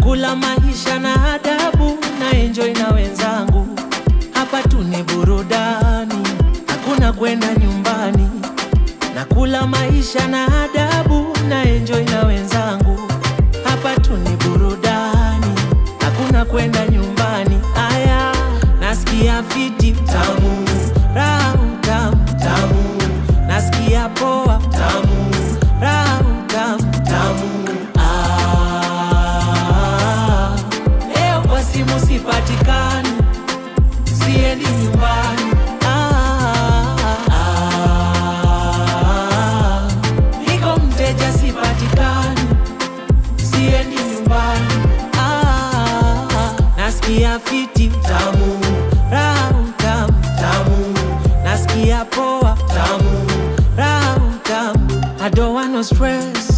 nakula maisha na adabu na enjoy na wenzangu hapa tu ni burudani, hakuna kwenda nyumbani. Nakula maisha na adabu na enjoy na wenzangu hapa tu ni burudani, hakuna kwenda nyumbani. Aya, nasikia fiti tamu sipatikani, siendi nyumbani. Ah, mteja, ah, nasikia fiti tamu, raha tamu tamu, nasikia poa tamu, raha tamu. I don't want no stress